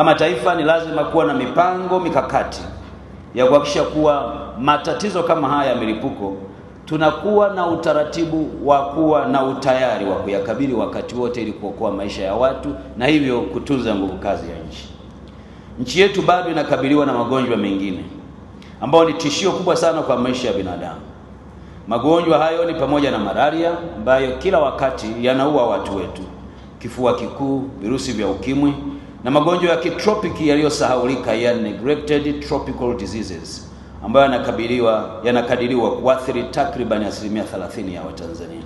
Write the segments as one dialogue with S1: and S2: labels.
S1: Kama taifa ni lazima kuwa na mipango mikakati ya kuhakikisha kuwa matatizo kama haya ya milipuko tunakuwa na utaratibu wa kuwa na utayari wa kuyakabili wakati wote ili kuokoa maisha ya watu na hivyo kutunza nguvu kazi ya nchi. Nchi yetu bado inakabiliwa na magonjwa mengine ambayo ni tishio kubwa sana kwa maisha ya binadamu. Magonjwa hayo ni pamoja na malaria ambayo kila wakati yanaua watu wetu, kifua kikuu, virusi vya ukimwi na magonjwa ya kitropiki yaliyosahaulika, yani neglected tropical diseases, ambayo yanakabiliwa yanakadiriwa kuathiri takribani asilimia 30 ya Watanzania.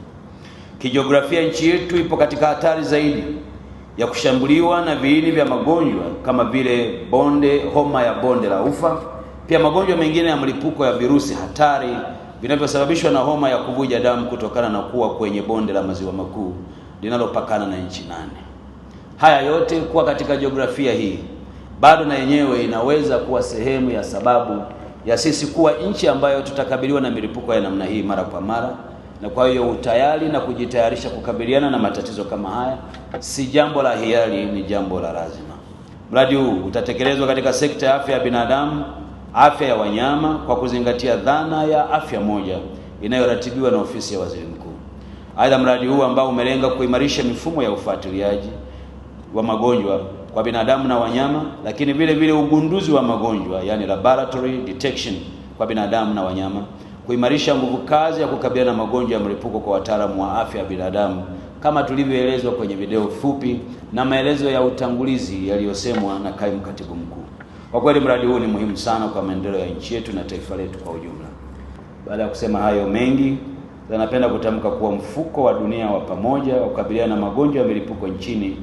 S1: Kijiografia, nchi yetu ipo katika hatari zaidi ya kushambuliwa na viini vya magonjwa kama vile bonde homa ya bonde la ufa, pia magonjwa mengine ya mlipuko ya virusi hatari vinavyosababishwa na homa ya kuvuja damu kutokana na kuwa kwenye bonde la maziwa makuu linalopakana na nchi nane. Haya yote kuwa katika jiografia hii bado na yenyewe inaweza kuwa sehemu ya sababu ya sisi kuwa nchi ambayo tutakabiliwa na milipuko ya namna hii mara kwa mara, na kwa hiyo utayari na kujitayarisha kukabiliana na matatizo kama haya si jambo la hiari, ni jambo la lazima. Mradi huu utatekelezwa katika sekta ya afya ya binadamu, afya ya wanyama, kwa kuzingatia dhana ya afya moja inayoratibiwa na ofisi ya waziri mkuu. Aidha, mradi huu ambao umelenga kuimarisha mifumo ya ufuatiliaji wa magonjwa kwa binadamu na wanyama, lakini vile vile ugunduzi wa magonjwa yani laboratory detection kwa binadamu na wanyama, kuimarisha nguvu kazi ya kukabiliana na magonjwa ya mlipuko kwa wataalamu wa afya ya binadamu kama tulivyoelezwa kwenye video fupi na maelezo ya utangulizi yaliyosemwa na kaimu katibu mkuu. Kwa kweli mradi huu ni muhimu sana kwa maendeleo ya nchi yetu na taifa letu kwa ujumla. Baada ya kusema hayo mengi, napenda kutamka kuwa mfuko wa dunia wa pamoja wa kukabiliana na magonjwa ya milipuko nchini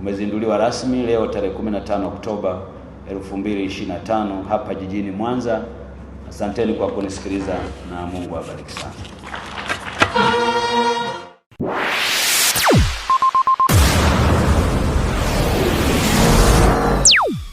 S1: umezinduliwa rasmi leo tarehe 15 Oktoba 2025 hapa jijini Mwanza. Asanteni kwa kunisikiliza na Mungu awabariki sana.